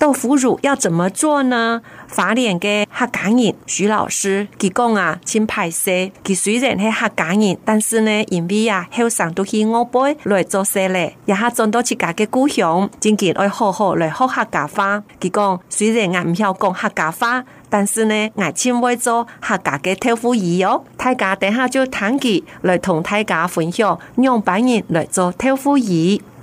豆腐乳要怎麼做呢？花蓮嘅客家人徐老師佢講啊，真歹勢。佢雖然是客家人，但是呢，因為啊，後生都去我輩來做事咧，也吓賺到自家的故鄉，真嘅要好好來學客家話。佢講，雖然俺唔曉講客家話，但是呢，俺請會做客家的豆腐乳哦。大家等下就坦吉來同大家分享，用白鹽來做豆腐乳。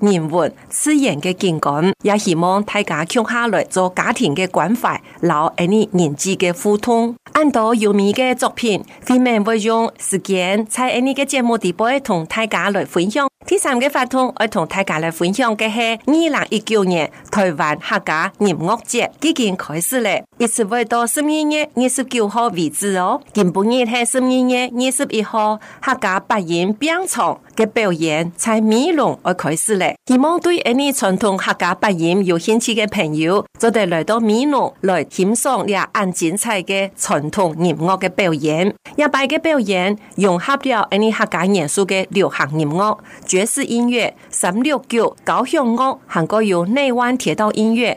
年活私人嘅景康，也希望大家強下嚟做家庭嘅關懷，留喺鄰里嘅互動。按到優美嘅作品，後們會用時間在呢個節目底播，同大家嚟分享。第三個發通，我同大家嚟分享嘅是二零一九年台灣客家音樂節已經開始了。一直會到十二月二十九號為止哦，今晡日係十二月二十一號，客家白演冰場嘅表演在米龍要開始了。希望對呢傳統客家白演有興趣嘅朋友，就哋來到米龍來欣賞一下，精彩嘅傳統音樂嘅表演。一班個表演融合咗呢客家元素嘅流行音樂、爵士音樂、三六九交響樂，還個有內灣鐵道音樂。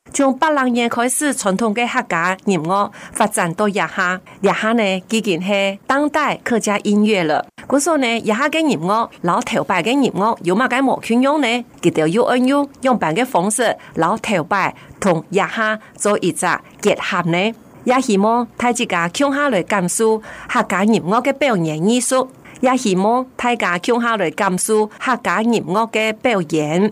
從八零年開始，傳統的客家音樂發展到一下，一下呢，已經是當代客家音樂了。古說呢，一下嘅音樂，老頭派嘅音樂，有咩嘅莫缺用呢？佢、這、就、個、用安用用別嘅方式，老調派同一下做一雜結合呢？也希望大家聽下來感受客家音樂嘅表演藝術；也希望大家聽下來感受客家音樂嘅表演。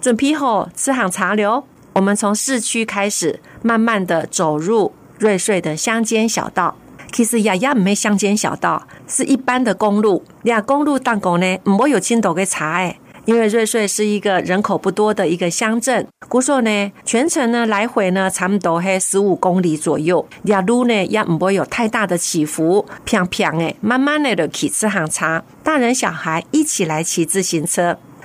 準備好，吃香茶流。我們從市區開始，慢慢的走入瑞穗的鄉間小道。其實呀呀，唔係鄉間小道，是一般的公路。呀，公路當公呢，唔會有青斗嘅茶誒，因為瑞穗是一個人口不多的一個鄉鎮，故說呢，全程呢來回呢，差不多係十五公里左右。呀，路呢也唔會有太大的起伏，平平誒，慢慢的去吃香茶。大人小孩一起來騎自行車。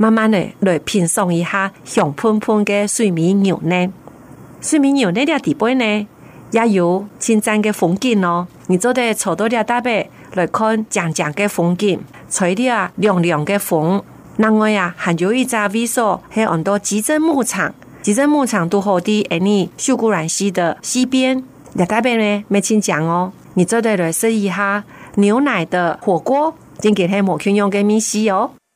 慢慢的來品嘗一下香噴噴的水綿牛奶。水綿牛奶嘅底部呢，也有清真的風景哦。你坐在草多啲大白來看江江的風景，吹啲啊涼涼的風。另外呀，還有一家 V 所，還有很多集鎮牧場。集鎮牧場都好啲，喺你秀姑染溪的西邊。大白呢沒清講哦，你坐對來試一下牛奶的火鍋，今天喺摩圈用嘅米西哦。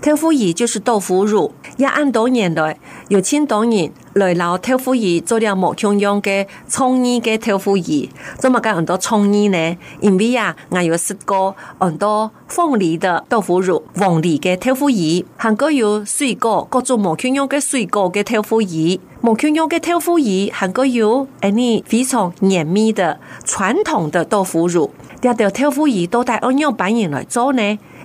豆腐乳就是豆腐乳，一安當年來，有千多年來撈豆腐乳做了毋共樣的創意的，的豆腐乳。魚，做乜很多創意呢？因為啊，我有食過很多鳳梨的豆腐乳、黃梨的豆腐乳，還有有水果各種毋共樣的水果的豆腐乳。毋共樣的豆腐乳還有有誒啲非常嚴密的傳統的豆腐乳，啲條豆腐乳都帶按樣板型來做呢。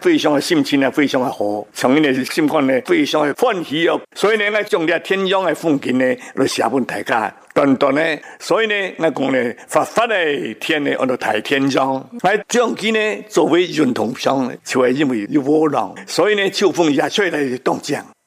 非常心情啊，非常好，從呢個情況呢，非常歡喜哦，所以呢，將啲天上的風景呢，嚟寫俾大家。但係呢，所以呢，我講呢，發發呢天呢，我哋大天上，將佢呢作為雲同鄉，就係因為有波浪，所以呢，秋風一吹呢就凍僵。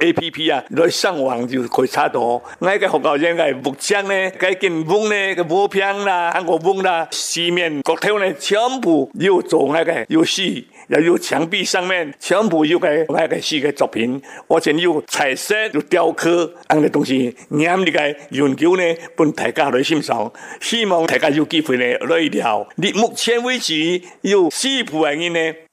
A P P 啊，你上網就可以查到。我個學校入面木匠呢，該建房呢，該木片啦、紅個屋啦、面、骨頭呢，全部要做呢個油漆，又要牆壁上面全部要嘅個細的作品，而且有彩色、有雕刻，啲東西，啱啲嘅研究呢，俾大家嚟欣賞。希望大家有機會嚟睇下。你目前為止，有四部嘅呢。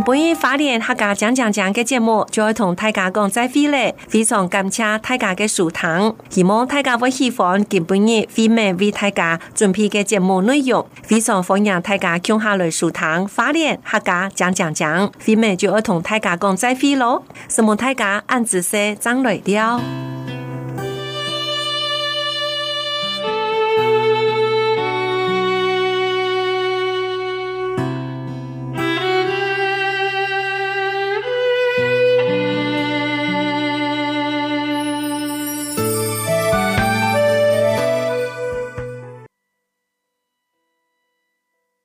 本半夜花蓮客家講講講嘅節目，就會同大家講再會咧，非常感謝大家嘅收聽。希望大家會喜歡今本夜飛妹為大家準備嘅節目內容，非常歡迎大家聽下來收聽花蓮客家講講講，飛妹就要同大家講再會咯，希望大家按指示進來聽。